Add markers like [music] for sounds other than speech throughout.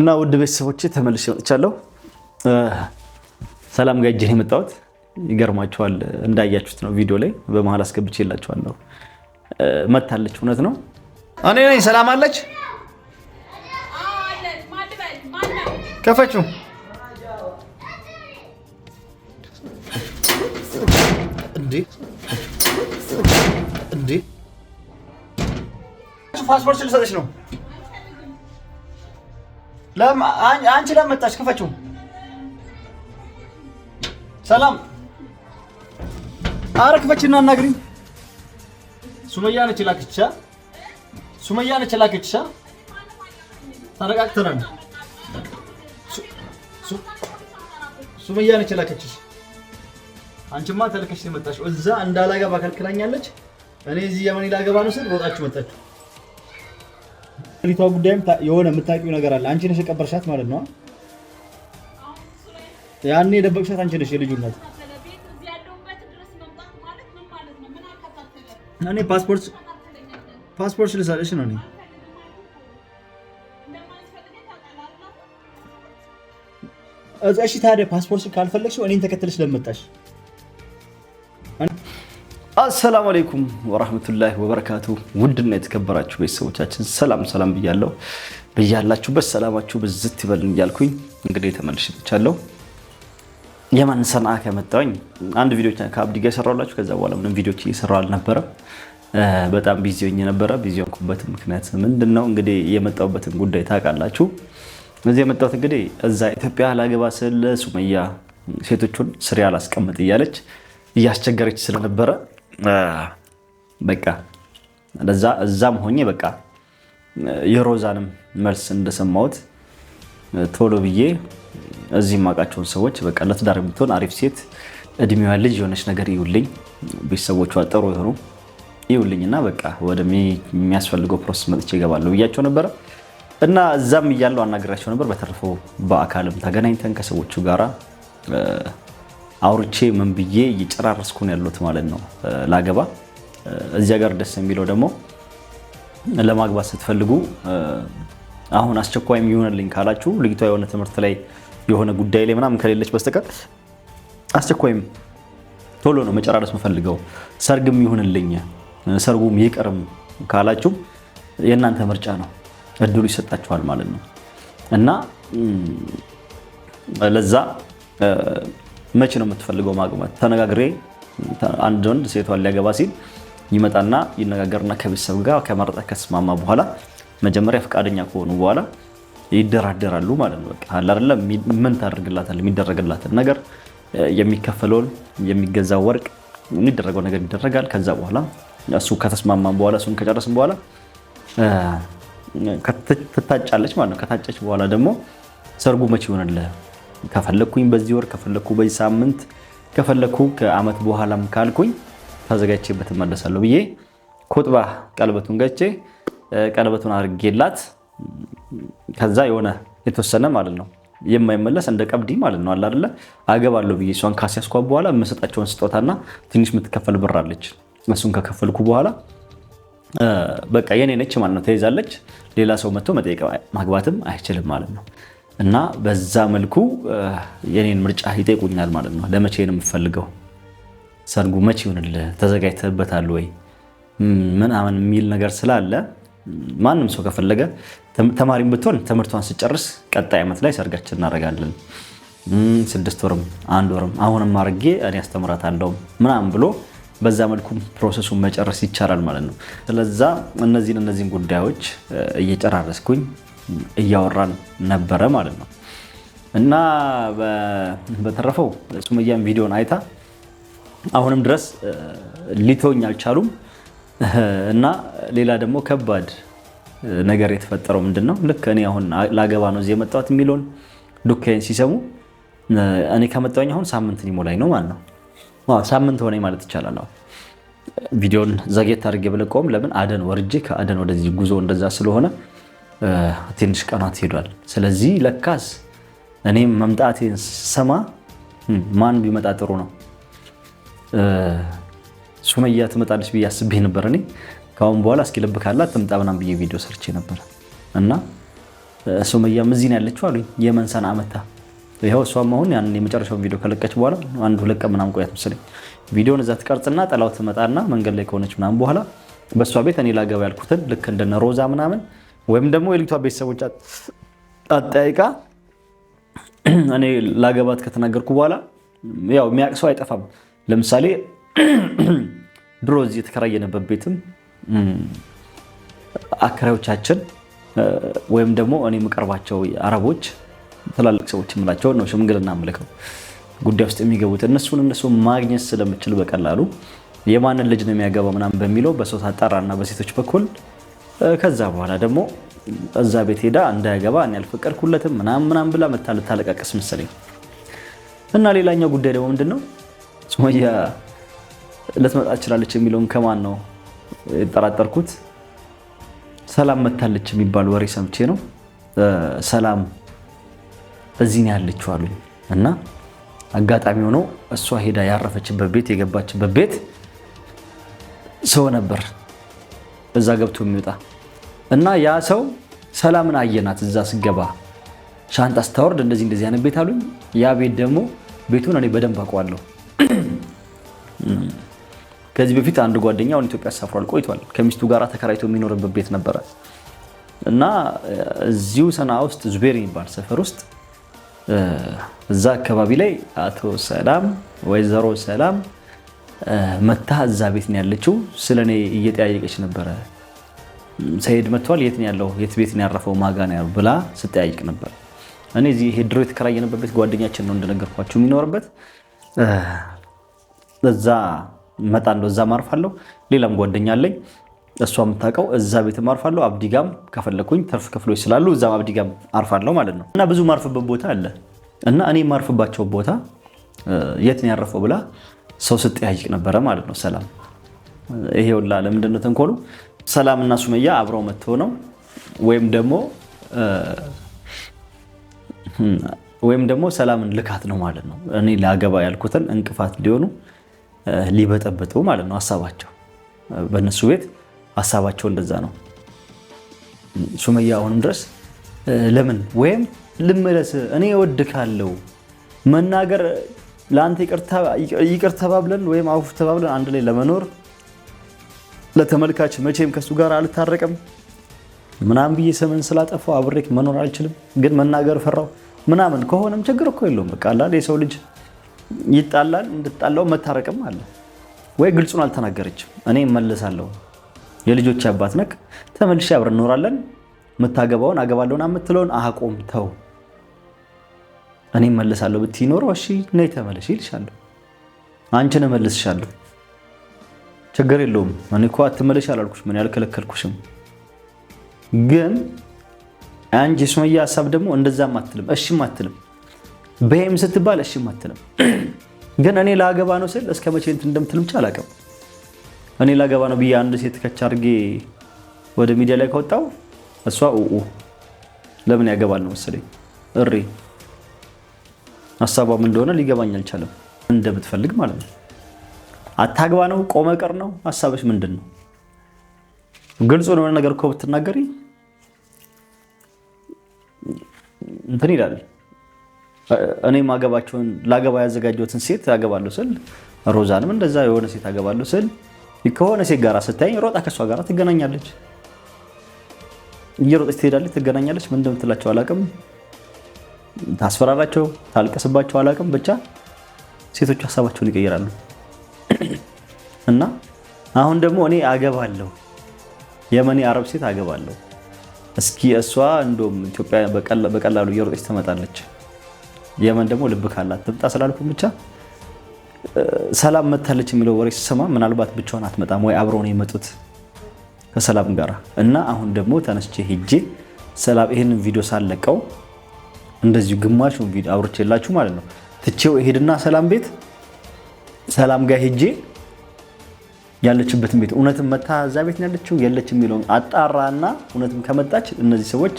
እና ውድ ቤተሰቦች ተመልሼ መጥቻለሁ። ሰላም ጋር እጄን የመጣሁት ይገርማችኋል፣ እንዳያችሁት ነው ቪዲዮ ላይ በመሀል አስገብቼ የላችኋለሁ። መታለች፣ እውነት ነው። እኔ ነኝ። ሰላም አለች። ከፈችው። ፓስፖርት ልሰጥሽ ነው አንቺ ለመጣች ክፈችው። ሰላም አረ ክፈችና አናግሪኝ። ሱመያ ነች ላክቻ። ሱመያ ነች ላክቻ። ተነቃቅተናል። ሱመያ ነች ላከችሽ። አንቺማ ተልከሽ የመጣሽ እዛ እንዳላገባ ከልክላኛለች። እኔ እዚህ የመን ላገባ ነው ስል ሮጣችሁ መጣችሁ። ሪቷ ጉዳይም የሆነ የምታውቂው ነገር አለ። አንቺ ነሽ የቀበርሻት ማለት ነው። ያኔ የደበቅሻት አንቺ ነሽ። የልጁነት እኔ ፓስፖርት ፓስፖርት ልሰጥሽ ነው። እኔ እሺ፣ ታዲያ ፓስፖርት ካልፈለግሽው እኔን ተከትለሽ ለመጣሽ አሰላሙ አሌይኩም ወራህመቱላሂ ወበረካቱ። ውድና የተከበራችሁ ቤተሰቦቻችን ሰላም ሰላም ብያለሁ። ብያላችሁበት ሰላማችሁ ብዝት ይበልን እያልኩኝ እንግዲህ ተመልሼ መጥቻለሁ። የመን ሰንዓ ከመጣሁኝ አንድ ቪዲዮ ከአብዲ ጋር የሰራሁላችሁ፣ ከዛ በኋላ ምንም ቪዲዮች እየሰራሁ አልነበረም። በጣም ቢዚ ሆኜ ነበረ። ቢዚ ሆንኩበትም ምክንያት ምንድን ነው እንግዲህ የመጣሁበትን ጉዳይ ታውቃላችሁ። እዚህ የመጣሁት እንግዲህ እዛ ኢትዮጵያ ላገባ ስለ ሱመያ ሴቶቹን ስሪያ ላስቀምጥ እያለች እያስቸገረች ስለነበረ በቃ እዛም ሆኜ በቃ የሮዛንም መልስ እንደሰማሁት ቶሎ ብዬ እዚህ የማውቃቸውን ሰዎች በቃ ለትዳር የምትሆን አሪፍ ሴት እድሜዋ ልጅ የሆነች ነገር ይውልኝ፣ ቤተሰቦቿ ጥሩ የሆኑ ይውልኝ እና በቃ የሚያስፈልገው ፕሮሰስ መጥቼ ይገባለሁ ብያቸው ነበረ እና እዛም እያለው አናገራቸው ነበር። በተረፈው በአካልም ተገናኝተን ከሰዎቹ ጋራ አውርቼ ምን ብዬ እየጨራረስኩ ነው ያሉት ማለት ነው ላገባ። እዚያ ጋር ደስ የሚለው ደግሞ ለማግባት ስትፈልጉ አሁን አስቸኳይም ይሆንልኝ ካላችሁ ልጅቷ የሆነ ትምህርት ላይ የሆነ ጉዳይ ላይ ምናምን ከሌለች በስተቀር አስቸኳይም ቶሎ ነው መጨራረስ የምፈልገው ሰርግም ይሁንልኝ ሰርጉም ይቅርም ካላችሁ የእናንተ ምርጫ ነው፣ እድሉ ይሰጣችኋል ማለት ነው እና ለዛ መቼ ነው የምትፈልገው ማግባት? ተነጋግሬ አንድ ወንድ ሴቷን ሊያገባ ሲል ይመጣና ይነጋገርና ከቤተሰብ ጋር ከመረጠ ከስማማ በኋላ መጀመሪያ ፈቃደኛ ከሆኑ በኋላ ይደራደራሉ ማለት ነው። በቃ አለ ምን ታደርግላታል? የሚደረግላትን ነገር፣ የሚከፈለውን፣ የሚገዛ ወርቅ፣ የሚደረገው ነገር ይደረጋል። ከዛ በኋላ እሱ ከተስማማም በኋላ እሱን ከጨረስም በኋላ ትታጫለች ማለት ነው። ከታጨች በኋላ ደግሞ ሰርጉ መቼ ይሆንልህ ከፈለግኩኝ በዚህ ወር ከፈለግኩ በዚህ ሳምንት ከፈለግኩ ከአመት በኋላም ካልኩኝ ተዘጋጅቼበት እመለሳለሁ ብዬ ኮጥባ ቀለበቱን ገቼ ቀለበቱን አድርጌላት ከዛ የሆነ የተወሰነ ማለት ነው የማይመለስ እንደ ቀብዲ ማለት ነው አለ አይደለ አገባለሁ ብዬ እሷን ካስያዝኳ በኋላ የምሰጣቸውን ስጦታና ትንሽ የምትከፈል ብር አለች። እሱን ከከፈልኩ በኋላ በቃ የኔ ነች ማለት ነው፣ ተይዛለች። ሌላ ሰው መጥቶ መጠየቅ ማግባትም አይችልም ማለት ነው። እና በዛ መልኩ የኔን ምርጫ ይጠይቁኛል ማለት ነው። ለመቼ ነው የምፈልገው? ሰርጉ መቼ ይሆንልህ? ተዘጋጅተህበታል ወይ? ምናምን የሚል ነገር ስላለ ማንም ሰው ከፈለገ ተማሪም ብትሆን ትምህርቷን ስጨርስ ቀጣይ ዓመት ላይ ሰርጋችን እናደርጋለን፣ ስድስት ወርም አንድ ወርም አሁንም አድርጌ እኔ አስተምራታለሁ ምናምን ብሎ በዛ መልኩ ፕሮሰሱን መጨረስ ይቻላል ማለት ነው። ስለዛ እነዚህን እነዚህን ጉዳዮች እየጨራረስኩኝ እያወራን ነበረ ማለት ነው። እና በተረፈው ሱመያን ቪዲዮን አይታ አሁንም ድረስ ሊተውኝ አልቻሉም። [laughs] እና ሌላ ደግሞ ከባድ ነገር የተፈጠረው ምንድን ነው? ልክ እኔ አሁን ላገባ ነው እዚህ የመጣሁት የሚለውን ዱካይን ሲሰሙ እኔ ከመጣሁኝ አሁን ሳምንት ሊሞላኝ ነው ማለት ነው። ሳምንት ሆነ ማለት ይቻላል። አሁን ቪዲዮን ዘጌት አድርጌ ብለቀውም ለምን አደን ወርጄ ከአደን ወደዚህ ጉዞ እንደዛ ስለሆነ ትንሽ ቀናት ሄዷል። ስለዚህ ለካስ እኔም መምጣቴን ስሰማ ማን ቢመጣ ጥሩ ነው ሱመያ ትመጣለች ብዬ አስቤ ነበር። እኔ ከአሁን በኋላ እስኪ ልብ ካላት ትምጣ ምናምን ብዬ ቪዲዮ ሰርቼ ነበር እና ሱመያም እዚህ ነው ያለችው አሉኝ። የመን ሰንዓ መታ ይኸው እሷም አሁን ያን የመጨረሻውን ቪዲዮ ከለቀች በኋላ አንድ ሁለት ቀን ምናምን ቆያት መሰለኝ ቪዲዮን እዛ ትቀርጽና ጠላው ትመጣና መንገድ ላይ ከሆነች ምናምን በኋላ በእሷ ቤት እኔ ላገባ ያልኩትን ልክ እንደነ ሮዛ ምናምን ወይም ደግሞ የልጅቷ ቤተሰቦች አጠያይቃ እኔ ላገባት ከተናገርኩ በኋላ ያው የሚያውቅ ሰው አይጠፋም። ለምሳሌ [clears throat] ድሮ እዚህ የተከራየነበት ቤትም አከራዮቻችን ወይም ደግሞ እኔ የምቀርባቸው አረቦች ትላልቅ ሰዎች የምላቸው ነው ሽምግልና ምልከው ጉዳይ ውስጥ የሚገቡት እነሱን እነሱ ማግኘት ስለምችል በቀላሉ የማንን ልጅ ነው የሚያገባው ምናምን በሚለው በሰው ታጣራ እና በሴቶች በኩል ከዛ በኋላ ደግሞ እዛ ቤት ሄዳ እንዳያገባ እኔ አልፈቀድኩለትም ምናምን ምናምን ብላ መታ ልታለቃቀስ መሰለኝ። እና ሌላኛው ጉዳይ ደግሞ ምንድን ነው ሱመያ ልትመጣ ትችላለች የሚለውን ከማን ነው የጠራጠርኩት? ሰላም መታለች የሚባል ወሬ ሰምቼ ነው። ሰላም እዚህ ነው ያለችው አሉኝ እና አጋጣሚ ሆኖ እሷ ሄዳ ያረፈችበት ቤት የገባችበት ቤት ሰው ነበር በዛ ገብቶ የሚወጣ እና ያ ሰው ሰላምን አየናት። እዛ ስገባ ሻንጣ ስታወርድ እንደዚህ እንደዚህ አይነት ቤት አሉኝ። ያ ቤት ደግሞ ቤቱን እኔ በደንብ አውቀዋለሁ። ከዚህ በፊት አንድ ጓደኛ አሁን ኢትዮጵያ ተሳፍሯል ቆይቷል። ከሚስቱ ጋር ተከራይቶ የሚኖርበት ቤት ነበረ እና እዚሁ ሰና ውስጥ ዙቤር የሚባል ሰፈር ውስጥ እዛ አካባቢ ላይ አቶ ሰላም ወይዘሮ ሰላም መታ እዛ ቤት ነው ያለችው። ስለ እኔ እየጠያየቀች ነበረ። ሰይድ መጥቷል፣ የት ነው ያለው? የት ቤት ነው ያረፈው? ማጋ ነው ያለው ብላ ስጠያይቅ ነበር። እኔ እዚህ ይሄ ድሮ የተከራየንበት ቤት ጓደኛችን ነው እንደነገርኳቸው የሚኖርበት። እዛ እመጣለሁ፣ እዛ ማርፋለሁ። ሌላም ጓደኛ አለኝ እሷ የምታውቀው እዛ ቤትም አርፋለሁ። አብዲጋም ከፈለግኩኝ ተርፍ ክፍሎች ስላሉ እዛም አብዲጋም አርፋለሁ ማለት ነው። እና ብዙ ማርፍበት ቦታ አለ እና እኔ የማርፍባቸው ቦታ የት ነው ያረፈው ብላ ሰው ስጠያይቅ ነበረ ማለት ነው። ሰላም ይሄ ላ ለምንድን ነው ተንኮሉ? ሰላም እና ሱመያ አብረው መጥተው ነው ወይም ደግሞ ወይም ደግሞ ሰላምን ልካት ነው ማለት ነው። እኔ ለአገባ ያልኩትን እንቅፋት ሊሆኑ ሊበጠበጡ ማለት ነው። ሀሳባቸው በእነሱ ቤት ሀሳባቸው እንደዛ ነው። ሱመያ አሁንም ድረስ ለምን ወይም ልመለስ እኔ እወድካለሁ መናገር ለአንተ ይቅር ተባብለን ወይም አውፍ ተባብለን አንድ ላይ ለመኖር ለተመልካች መቼም ከሱ ጋር አልታረቅም ምናምን ብዬ ሰመን ስላጠፋው አብሬክ መኖር አልችልም፣ ግን መናገር ፈራው ምናምን ከሆነም ችግር እኮ የለውም። በቃ የሰው ልጅ ይጣላል፣ እንድጣላው መታረቅም አለ ወይ ግልጹን አልተናገረችም። እኔ እመለሳለሁ፣ የልጆች አባት ነክ፣ ተመልሼ አብረን እኖራለን፣ የምታገባውን አገባለሁና የምትለውን አቆም ተው። እኔ መለሳለሁ ብትይ ኖሮ እሺ ነይ ተመለሽ ይልሻለሁ። አንቺን እመልስሻለሁ፣ ችግር የለውም። እኔ እኮ አትመለሽ አላልኩሽ፣ ምን ያልከለከልኩሽም። ግን አንቺ ሱመያ ሀሳብ ደግሞ እንደዛም አትልም፣ እሺም አትልም። በሄም ስትባል እሺም አትልም። [clears throat] ግን እኔ ላገባ ነው ስል እስከ መቼ እንትን እንደምትልምጭ አላውቅም። እኔ ላገባ ነው ብዬ አንድ ሴት ከቻ አድርጌ ወደ ሚዲያ ላይ ከወጣው እሷ ኡ ለምን ያገባል ነው መሰለኝ እሬ ሀሳቧም እንደሆነ ሊገባኝ አልቻለም። እንደምትፈልግ ማለት ነው። አታግባ ነው? ቆመ ቀር ነው? ሀሳብሽ ምንድን ነው? ግልጹ የሆነ ነገር እኮ ብትናገሪ እንትን ይላል። እኔ ማገባቸውን ላገባ ያዘጋጀሁትን ሴት አገባለሁ ስል ሮዛንም እንደዛ የሆነ ሴት አገባለሁ ስል ከሆነ ሴት ጋር ስታይ ሮጣ ከእሷ ጋር ትገናኛለች፣ እየሮጠች ትሄዳለች፣ ትገናኛለች። ምን እንደምትላቸው አላውቅም። ታስፈራራቸው፣ ታልቀስባቸው፣ አላቅም ብቻ ሴቶቹ ሀሳባቸውን ይቀይራሉ። [clears throat] እና አሁን ደግሞ እኔ አገባለሁ የመን አረብ ሴት አገባለሁ፣ እስኪ እሷ እንደውም ኢትዮጵያ በቀላሉ እየሮጠች ትመጣለች፣ የመን ደግሞ ልብ ካላት ትምጣ ስላልኩም ብቻ ሰላም መታለች የሚለው ወሬ ሲሰማ ምናልባት ብቻዋን አትመጣም ወይ አብረው ነው የመጡት ከሰላም ጋር እና አሁን ደግሞ ተነስቼ ሄጄ ሰላም ይህንን ቪዲዮ ሳለቀው እንደዚሁ ግማሽ ቪዲዮ አውርቼላችሁ ማለት ነው። ትቼው ሄድና ሰላም ቤት ሰላም ጋር ሄጄ ያለችበትን ቤት እውነትም መታ እዛ ቤት ያለችው የለች የሚለውን አጣራና እውነትም ከመጣች እነዚህ ሰዎች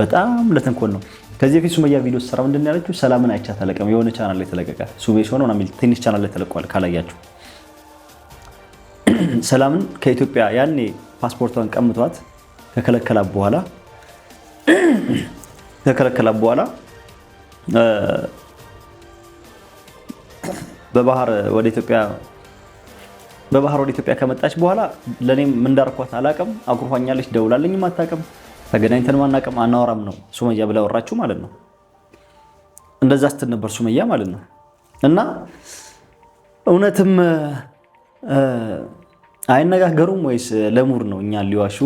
በጣም ለተንኮል ነው። ከዚህ በፊት ሱመያ ቪዲዮ ስራ ምንድን ያለችው ሰላምን አይቻ ተለቀም የሆነ ቻናል ላይ ተለቀቀ። ሱሜ ሲሆነ ሚል ትንሽ ቻናል ላይ ተለቋል። ካላያችሁ [clears throat] ሰላምን ከኢትዮጵያ ያኔ ፓስፖርቷን ቀምቷት ከከለከላ በኋላ [clears throat] ከከለከላት በኋላ በባህር ወደ ኢትዮጵያ በባህር ወደ ኢትዮጵያ ከመጣች በኋላ ለእኔም ምን እንዳርኳት አላቅም። አኩርፋኛለች፣ ደውላለኝም አታቅም፣ ተገናኝተን አናቅም፣ አናወራም ነው ሱመያ ብላ ወራችሁ ማለት ነው። እንደዛ ስትል ነበር ሱመያ ማለት ነው። እና እውነትም አይነጋገሩም ወይስ ለሙር ነው እኛ ሊዋሹ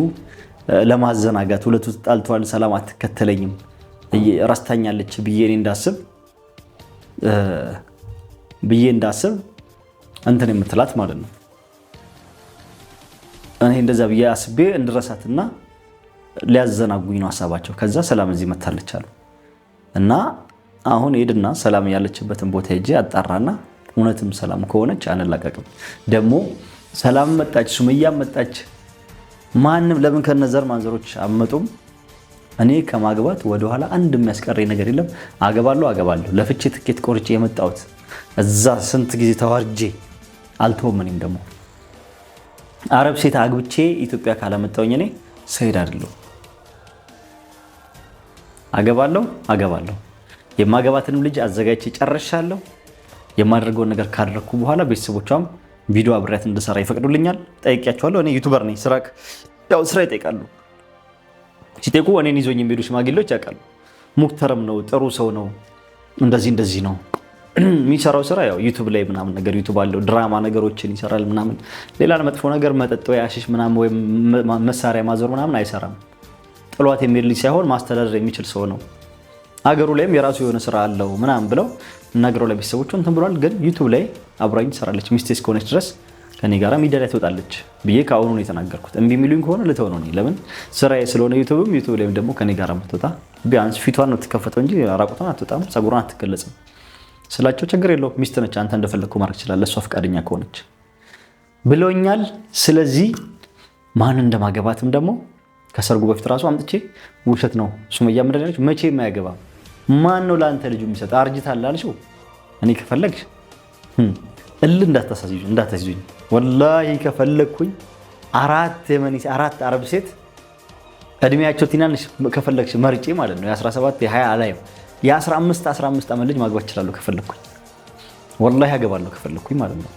ለማዘናጋት? ሁለቱ ተጣልተዋል፣ ሰላም አትከተለኝም ረስተኛለች ብዬ እንዳስብ ብዬ እንዳስብ እንትን የምትላት ማለት ነው። እኔ እንደዛ ብዬ አስቤ እንድረሳትና ሊያዘናጉኝ ነው ሀሳባቸው። ከዛ ሰላም እዚህ መታለች አሉ እና አሁን ሄድና ሰላም ያለችበትን ቦታ ሄጄ አጣራና እውነትም ሰላም ከሆነች አንላቀቅም። ደግሞ ሰላም መጣች፣ ሱመያ መጣች፣ ማንም ለምን ከነዘር ማንዘሮች አመጡም እኔ ከማግባት ወደኋላ አንድ የሚያስቀረኝ ነገር የለም። አገባለሁ አገባለሁ። ለፍቼ ትኬት ቆርጬ የመጣሁት እዛ ስንት ጊዜ ተዋርጄ አልተውም። እኔም ደግሞ አረብ ሴት አግብቼ ኢትዮጵያ ካለመጣውኝ እኔ ሰሄድ አይደለሁም። አገባለሁ አገባለሁ። የማገባትንም ልጅ አዘጋጅቼ ጨርሻለሁ። የማደርገውን ነገር ካደረግኩ በኋላ ቤተሰቦቿም ቪዲዮ አብሬያት እንድሰራ ይፈቅዱልኛል። ጠይቄያቸዋለሁ። እኔ ዩቱበር ነኝ። ስራ ያው ስራ ይጠይቃሉ ሲጠይቁ እኔን ይዞኝ የሚሄዱ ሽማግሌዎች ያውቃሉ። ሙክተርም ነው፣ ጥሩ ሰው ነው፣ እንደዚህ እንደዚህ ነው የሚሰራው ስራ ያው ዩቱብ ላይ ምናምን ነገር ዩቱብ አለው ድራማ ነገሮችን ይሰራል ምናምን። ሌላ መጥፎ ነገር መጠጥ ወይ አሽሽ ምናምን ወይም መሳሪያ ማዞር ምናምን አይሰራም። ጥሏት የሚሄድ ልጅ ሳይሆን ማስተዳደር የሚችል ሰው ነው። አገሩ ላይም የራሱ የሆነ ስራ አለው ምናምን ብለው ነግረው ለቤተሰቦቹ እንትን ብሏል። ግን ዩቱብ ላይ አብራኝ ትሰራለች ሚስቴ እስከሆነች ድረስ ከኔ ጋር ሚዲያ ላይ ትወጣለች ብዬ ከአሁኑ ነው የተናገርኩት። እምቢ የሚሉኝ ከሆነ ልተው ነው። ለምን ስራዬ ስለሆነ ዩቱብም ዩቱብ ላይም ደግሞ ከኔ ጋር ምትወጣ ቢያንስ ፊቷን ነው ትከፈተው እንጂ ራቁቷን አትወጣም፣ ጸጉሯን አትገለጽም ስላቸው ችግር የለውም ሚስት ነች፣ አንተ እንደፈለግኩ ማድረግ ይችላል፣ እሷ ፈቃደኛ ከሆነች ብሎኛል። ስለዚህ ማን እንደማገባትም ደግሞ ከሰርጉ በፊት ራሱ አምጥቼ ውሸት ነው ሱመያ ምንድነች? መቼ የማያገባ ማን ነው ለአንተ ልጁ የሚሰጥ? አርጅታ ላልሽው እኔ ከፈለግሽ እልህ እንዳታስይዙኝ። ወላሂ ከፈለግኩኝ አራት የመኒ አራት አረብ ሴት እድሜያቸው ትናንሽ ከፈለግሽ መርጬ ማለት ነው የ17 የ20 አላይም የ15 15 ዓመት ልጅ ማግባት ይችላሉ ከፈለግኩኝ። ወላሂ ያገባለሁ ከፈለግኩኝ ማለት ነው።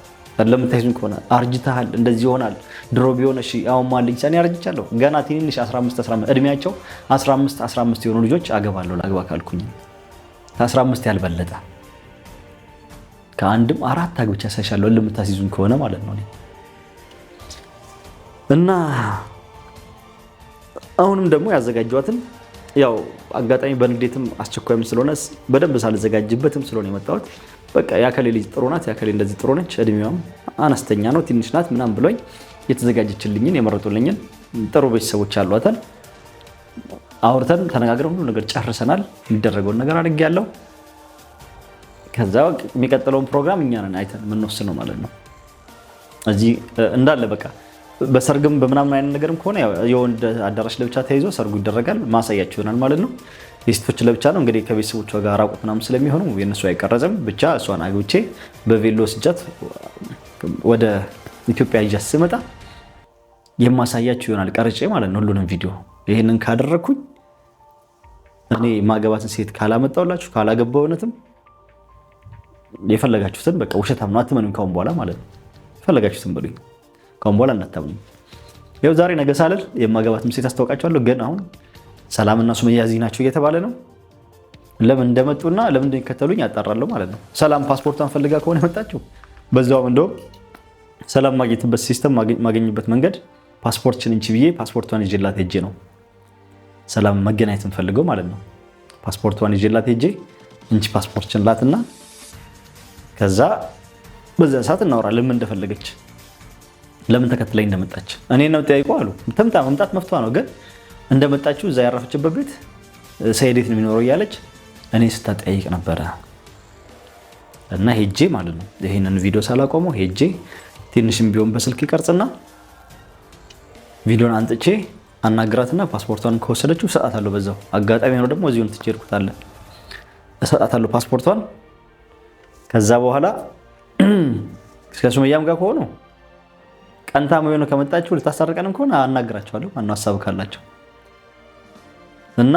ለምታይዙኝ ከሆነ አርጅተሃል፣ እንደዚህ ይሆናል፣ ድሮ ቢሆን እሺ፣ አሁን ማልኝ ሰኔ አርጅቻለሁ። ገና ትንንሽ 15 15 እድሜያቸው 15 15 የሆኑ ልጆች አገባለሁ። ላግባ ካልኩኝ 15 ያልበለጠ ከአንድም አራት አግብቻ ሳይሻለሁ ልምታስይዙን ከሆነ ማለት ነው። እና አሁንም ደግሞ ያዘጋጀዋትን ያው አጋጣሚ በንዴትም አስቸኳይም ስለሆነ በደንብ ሳልዘጋጅበትም ስለሆነ የመጣሁት በቃ የአከሌ ልጅ ጥሩ ናት፣ የአከሌ እንደዚህ ጥሩ ነች፣ እድሜዋም አነስተኛ ነው፣ ትንሽ ናት ምናም ብሎኝ የተዘጋጀችልኝን የመረጡልኝን ጥሩ ቤተሰቦች አሏታል። አውርተን ተነጋግረን ሁሉ ነገር ጨርሰናል። የሚደረገውን ነገር አድርጌያለሁ። ከዛ የሚቀጥለውን ፕሮግራም እኛ ነን አይተን የምንወስነው ማለት ነው። እዚህ እንዳለ በቃ በሰርግም በምናምን አይነት ነገርም ከሆነ የወንድ አዳራሽ ለብቻ ተይዞ ሰርጉ ይደረጋል። ማሳያቸው ይሆናል ማለት ነው። የሴቶች ለብቻ ነው እንግዲህ ከቤተሰቦቿ ጋር ራቁት ምናምን ስለሚሆኑ የእነሱ አይቀረጽም። ብቻ እሷን አግብቼ በቬሎ ስጃት ወደ ኢትዮጵያ ይዣት ስመጣ የማሳያቸው ይሆናል ቀርጬ ማለት ነው ሁሉንም ቪዲዮ። ይህንን ካደረግኩኝ እኔ ማገባትን ሴት ካላመጣውላችሁ ካላገባውነትም የፈለጋችሁትን በቃ ውሸታም ነው አትመኑኝ፣ ካሁን በኋላ ማለት ነው። የፈለጋችሁትን በሉኝ፣ ካሁን በኋላ እናታምኑኝ። ይኸው ዛሬ ነገ ሳልል የማገባትም ሴት አስታውቃቸዋለሁ። ግን አሁን ሰላምና ሱመያ እዚህ ናቸው እየተባለ ነው። ለምን እንደመጡና ለምን እንደሚከተሉኝ ያጣራለሁ ማለት ነው። ሰላም ፓስፖርቷን ፈልጋ ከሆነ የመጣችው በዛውም እንደውም ሰላም ማግኘትበት ሲስተም ማገኝበት መንገድ ፓስፖርትሽን እንቺ ብዬ ፓስፖርቷን ይዤላት ሄጄ ነው ሰላም መገናኘት እንፈልገው ማለት ነው። ፓስፖርቷን ይዤላት ሄጄ እንቺ ፓስፖርትሽን ላትና ከዛ በዛ ሰዓት እናወራለን። ምን እንደፈለገች ለምን ተከትለኝ እንደመጣች እኔ ነው ጠያይቀው አሉ። ተምታ መምጣት መፍቷ ነው፣ ግን እንደመጣችው እዛ ያረፈችበት ቤት ሰይዴት ነው የሚኖረው እያለች እኔ ስታጠያይቅ ነበረ። እና ሄጄ ማለት ነው ይህንን ቪዲዮ ሳላቆመው ሄጄ ትንሽም ቢሆን በስልክ ይቀርጽና ቪዲዮን አንጥቼ አናግራትና ፓስፖርቷን ከወሰደችው እሰጣታለሁ። በዛው አጋጣሚ ነው ደግሞ እዚሁን ትቼ እርኩታለን እሰጣታለሁ ፓስፖርቷን ከዛ በኋላ ሱመያም ጋር ከሆኑ ቀንታ የሆነ ከመጣችሁ ልታሳርቀንም ከሆነ አናግራቸዋለሁ። ማነው ሀሳብ ካላቸው እና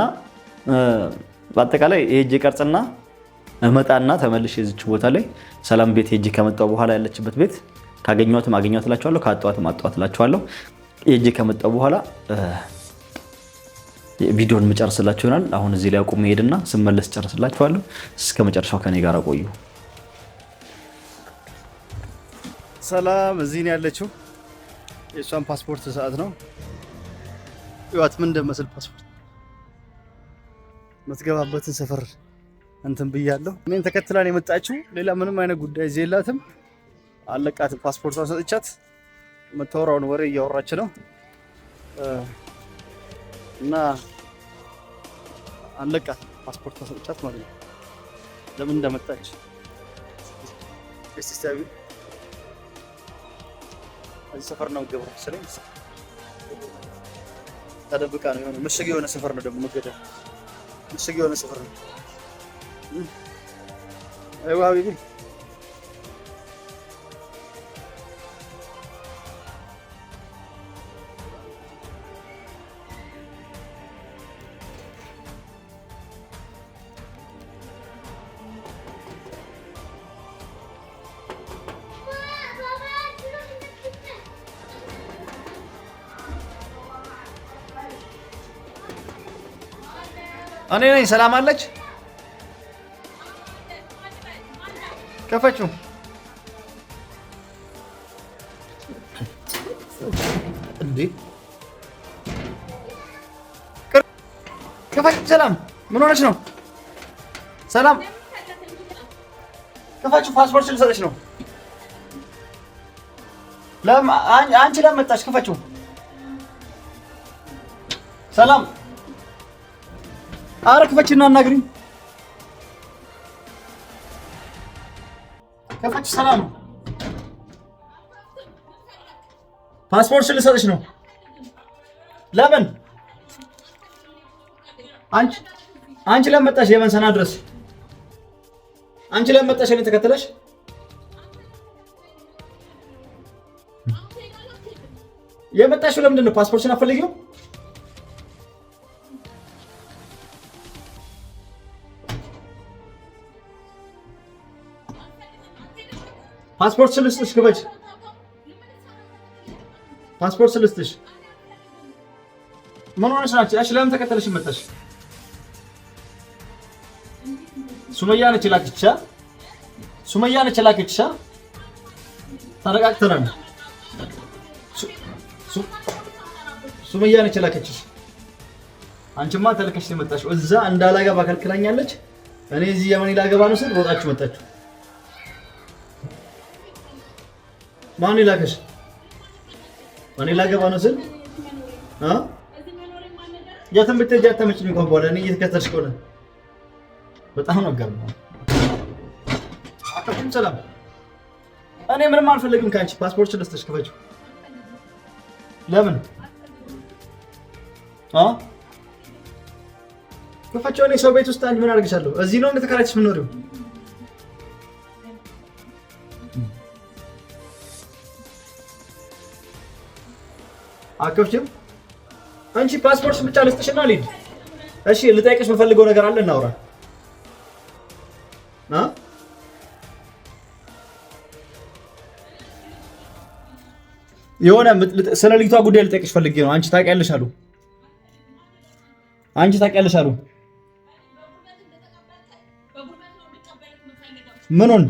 በአጠቃላይ የእጅ ቀርጽና እመጣና ተመልሽ የዝች ቦታ ላይ ሰላም ቤት የእጅ ከመጣሁ በኋላ ያለችበት ቤት ካገኘኋትም አገኘኋት እላችኋለሁ፣ ካጣኋትም አጠዋት እላችኋለሁ። የእጅ ከመጣሁ በኋላ ቪዲዮን የምጨርስላችሁ ይሆናል። አሁን እዚህ ላይ አቁሜ ሄድና ስመለስ ጨርስላችኋለሁ። እስከ መጨረሻው ከኔ ጋር ቆዩ። ሰላም እዚህ ነው ያለችው። የእሷን ፓስፖርት ሰዓት ነው። እዋት ምን እንደመስል ፓስፖርት የምትገባበትን ሰፈር እንትን ብያለሁ። እኔን ተከትላን የመጣችው ሌላ ምንም አይነት ጉዳይ እዚህ የላትም። አለቃት ፓስፖርቷን ሰጥቻት የምታወራውን ወሬ እያወራች ነው እና አለቃት። ፓስፖርቷን ሰጥቻት ማለት ነው ለምን እንደመጣች እዚህ ሰፈር ነው የምገባው መሰለኝ። ተደብቃ ነው የሆነ ምሽግ የሆነ ሰፈር ነው ደግሞ መገደል ምሽግ የሆነ ሰፈር ነው። አይዋ ሀቢቢ እኔ ነኝ። ሰላም አለች። ከፈችው። እንዴ ከፈች። ሰላም ምን ሆነች ነው? ሰላም ከፈችው። ፓስፖርት ልሰጠች ነው። አንቺ ለምን መጣች? ከፈችው። ሰላም ኧረ ክፈችና አናግሪኝ። ከፈች ሰላም ነው። ልሰጥሽ ነው። ለምን አንቺ አንቺ ለምን መጣሽ? የመን ሰና ድረስ አንቺ ለምን መጣሽ? እኔ ተከተለሽ የመጣሽው ለምንድን ነው? ፓስፖርትሽን አፈልጊ ነው ፓስፖርት ስልስጥሽ ግበች ፓስፖርት ስልስጥሽ ምን ሆነሽ ናቸው? እሺ ለምን ተከተለሽ መጣሽ? ሱመያ ነች ላክቻ ሱመያ ነች ላክቻ። ተረጋግተናል። ሱመያ ነች ላከችሽ። አንቺማ ተልከሽ የመጣሽው እዛ እንዳላገባ ከልክላኛለች። እኔ እዚህ የመን ላገባ ነው ስል ሮጣችሁ መጣችሁ። ማን ይላከሽ? ማን ይላከባ ነው ስል አ የትም ብትሄጂ አታመጭኝ። እንኳን በኋላ እኔ እየተከተልሽ ከሆነ በጣም ነው ገርማ። ሰላም። እኔ ምንም አልፈልግም ከአንቺ። ፓስፖርት ደስተሽ ክፈችው። ለምን አ ክፈችው። እኔ ሰው ቤት ውስጥ አንድ ምን አድርግሻለሁ? እዚህ ነው እንደተከራይተሽ የምኖሪው አከፍችም አንቺ ፓስፖርትሽ ብቻ ልስጥሽና ልሂድ። እሺ ልጠይቅሽ የምፈልገው ነገር አለ፣ እናውራ። የሆነ ስለ ልጅቷ ጉዳይ ልጠይቅሽ ፈልጌ ነው። አንቺ ታውቂያለሽ አሉ። አንቺ ታውቂያለሽ አሉ። ምኑን?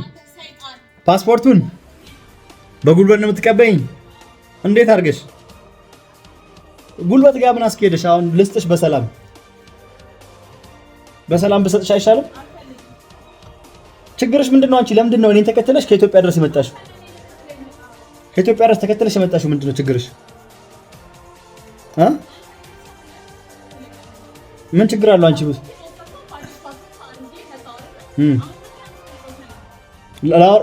ፓስፖርቱን በጉልበት ነው እንዴት አድርገሽ ጉልበት ጋር ምን አስኬደሽ? አሁን ልስጥሽ፣ በሰላም በሰላም ብሰጥሽ አይሻልም? ችግርሽ ምንድን ነው? አንቺ ለምንድን ነው እኔን ተከትለሽ ከኢትዮጵያ ድረስ የመጣሽው? ከኢትዮጵያ ድረስ ተከትለሽ የመጣሽው ምንድን ነው ችግርሽ? ምን ችግር አለው? አንቺ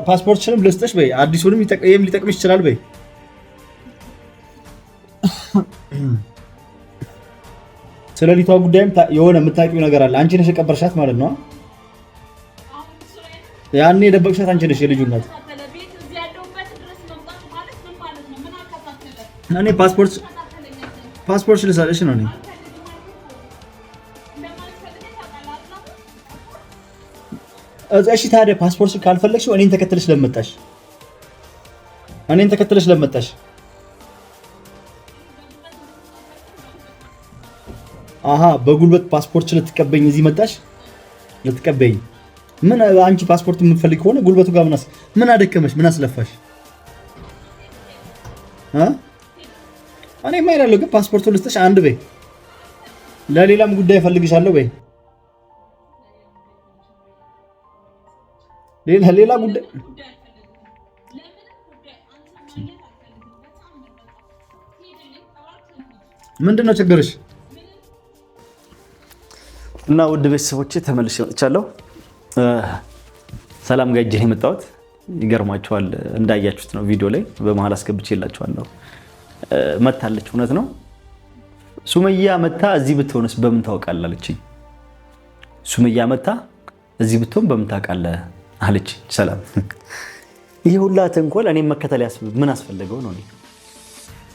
ፓስፖርትሽንም ልስጥሽ በይ፣ አዲሱንም ሊጠቅምሽ ይችላል በይ [coughs] ስለ ሊቷ ጉዳይም የሆነ የምታውቂው ነገር አለ። አንቺ ነሽ የቀበርሻት ማለት ነው። ያኔ የደበቅሻት አንቺ ነሽ። የልጁነት እኔ ፓስፖርት ፓስፖርት ልሰጥሽ ነው። እኔ እሺ፣ ታዲያ ፓስፖርት ካልፈለግሽው እኔን ተከትለሽ ለመጣሽ እኔን ተከትለሽ ለመጣሽ አሀ በጉልበት ፓስፖርት ልትቀበኝ እዚህ መጣሽ? ልትቀበኝ ምን? አንቺ ፓስፖርት የምትፈልግ ከሆነ ጉልበቱ ጋር ምናስ ምን አደከመሽ? ምን አስለፋሽ? እኔ ማይላለሁ ግን ፓስፖርቱ ልስጥሽ አንድ በይ፣ ለሌላም ጉዳይ እፈልግሻለሁ በይ። ሌላ ሌላ ጉዳይ ምንድን ነው ችግርሽ? እና ውድ ቤተሰቦች ተመልሼ መጥቻለሁ። ሰላም ጋር እጄን የመጣሁት ይገርማችኋል። እንዳያችሁት ነው ቪዲዮ ላይ በመሀል አስገብቼ የላችኋለሁ። መታለች፣ እውነት ነው ሱመያ መታ እዚህ ብትሆንስ በምን ታውቃለህ አለችኝ። ሱመያ መታ እዚህ ብትሆን በምን ታውቃለህ አለችኝ። ሰላም ይህ ሁላ ተንኮል እኔም መከተል ምን አስፈለገው ነው?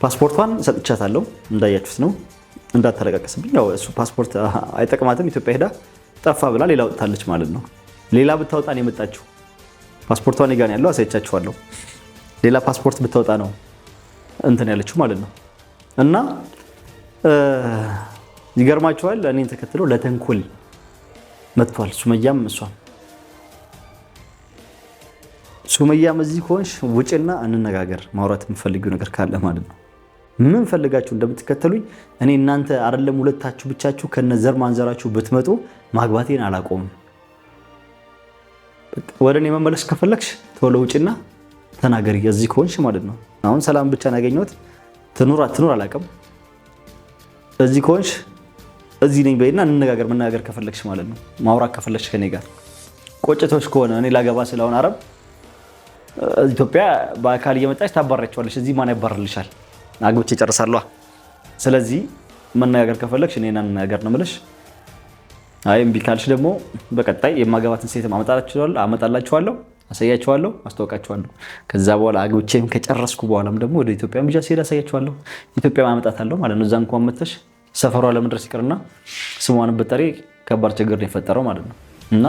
ፓስፖርቷን ሰጥቻታለሁ፣ እንዳያችሁት ነው እንዳታለቃቀስብኝ። ያው እሱ ፓስፖርት አይጠቅማትም። ኢትዮጵያ ሄዳ ጠፋ ብላ ሌላ ወጥታለች ማለት ነው። ሌላ ብታወጣ ነው የመጣችው። ፓስፖርቷ እኔ ጋ ያለው፣ አሳይቻችኋለሁ። ሌላ ፓስፖርት ብታወጣ ነው እንትን ያለችው ማለት ነው። እና ይገርማችኋል፣ እኔን ተከትለ ለተንኮል መጥቷል። ሱመያም እሷም ሱመያም እዚህ ከሆንሽ ውጭና እንነጋገር፣ ማውራት የምፈልጊው ነገር ካለ ማለት ነው። ምን ፈልጋችሁ እንደምትከተሉኝ እኔ እናንተ አይደለም ሁለታችሁ ብቻችሁ ከነዘር ማንዘራችሁ ብትመጡ ማግባቴን አላቆምም። ወደ እኔ መመለስ ከፈለግሽ ቶሎ ውጭና ተናገሪ፣ እዚህ ከሆንሽ ማለት ነው። አሁን ሰላም ብቻ ያገኘሁት ትኑር አትኑር አላውቅም። እዚህ ከሆንሽ እዚህ ነኝ በይና እንነጋገር፣ መነጋገር ከፈለግሽ ማለት ነው። ማውራት ከፈለግሽ ከኔ ጋር ቆጭቶች ከሆነ እኔ ላገባ ስለሆን አረብ ኢትዮጵያ በአካል እየመጣች ታባራቸዋለች። እዚህ ማን ያባርልሻል? አግብቼ ጨርሳለሁ። ስለዚህ መነጋገር ከፈለግሽ እኔ ነገር ነው የምልሽ። አይ እምቢ ካልሽ ደግሞ በቀጣይ የማገባትን ሴት አመጣላችኋለሁ፣ አሳያችኋለሁ፣ አስተዋውቃችኋለሁ። ከዛ በኋላ አግብቼም ከጨረስኩ በኋላም ደግሞ ወደ ኢትዮጵያ ብቻ ሲሄድ አሳያችኋለሁ። ኢትዮጵያ አመጣታለሁ ማለት ነው። እዛ እንኳን መተሽ ሰፈሯ ለመድረስ ይቅርና ስሟን ብጠሪ ከባድ ችግር የፈጠረው ማለት ነው። እና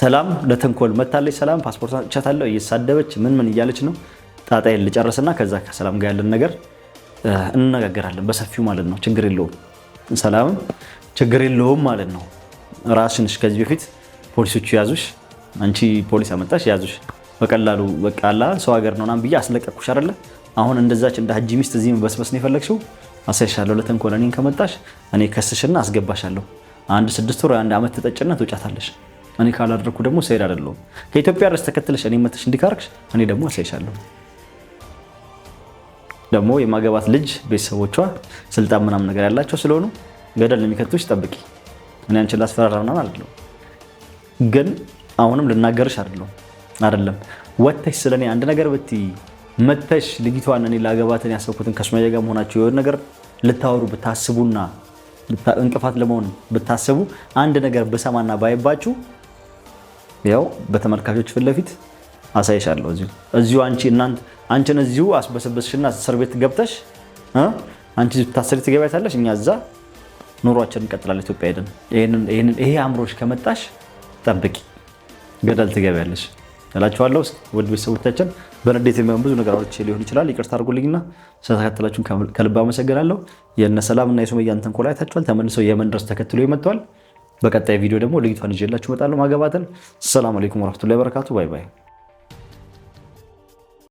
ሰላም ለተንኮል መታለች። ሰላም ፓስፖርት ቻታለው እየሳደበች ምን ምን እያለች ነው ጣጣዬን ልጨርስና ከዛ ከሰላም ጋር ያለን ነገር እንነጋገራለን በሰፊው ማለት ነው። ችግር የለውም ሰላም ችግር የለውም ማለት ነው። ራስሽንሽ ከዚህ በፊት ፖሊሶቹ ያዙሽ፣ አንቺ ፖሊስ አመጣሽ ያዙሽ፣ በቀላሉ በቃላ ሰው ሀገር ነው ና ብዬ አስለቀኩሽ አይደለ? አሁን እንደዛች እንደ ሀጂ ሚስት እዚህ በስበስ ነው የፈለግሽው። አሳይሻለሁ ለተንኮል እኔን ከመጣሽ እኔ ከስሽና አስገባሻለሁ። አንድ ስድስት ወር አንድ ዓመት ተጠጭና ትውጫታለሽ። እኔ ካላደረኩ ደግሞ ሰሄድ አይደለሁም ከኢትዮጵያ ድረስ ተከትለሽ እኔ መተሽ እንዲካርክሽ እኔ ደግሞ አሳይሻለሁ። ደግሞ የማገባት ልጅ ቤተሰቦቿ ስልጣን ምናምን ነገር ያላቸው ስለሆኑ ገደል የሚከቱሽ ጠብቂ። እኔ አንቺን ላስፈራራ ምናምን አይደለም፣ ግን አሁንም ልናገርሽ አይደለም አይደለም ወተሽ ስለ እኔ አንድ ነገር ብትይ መተሽ ልጅቷን እኔ ላገባትን ያሰብኩትን ከሱማያ ጋር መሆናቸው የሆነ ነገር ልታወሩ ብታስቡና እንቅፋት ለመሆን ብታስቡ አንድ ነገር ብሰማና ባይባችሁ ያው በተመልካቾች ፊት ለፊት አሳይሻለሁ። እዚሁ እዚሁ አንቺ እናንተ አንቺን እዚሁ አስበሰበስሽና እስር ቤት ገብተሽ አንቺ ታስሪ ትገቢያታለሽ፣ እኛ እዛ ኑሯችን እንቀጥላለን። ኢትዮጵያ ሄደን ይሄንን ይሄ አእምሮሽ ከመጣሽ ጠብቂ፣ ገደል ትገቢያለሽ እላችኋለሁ። ውድ ቤተሰቦቻችን በንዴት የሚሆን ብዙ ነገሮች ሊሆን ይችላል። ይቅርታ አድርጉልኝና ስለተከተላችሁን ከልብ አመሰግናለሁ። የነ ሰላም እና የሱመያን ተንኮል አይታችኋል። ተመልሰው የመን ድረስ ተከትሎ ይመጥተዋል። በቀጣይ ቪዲዮ ደግሞ ልጅቷን ይዤላችሁ እመጣለሁ ማገባትን። ሰላም አለይኩም ወረሕመቱላሂ ወበረካቱ። ባይ ባይ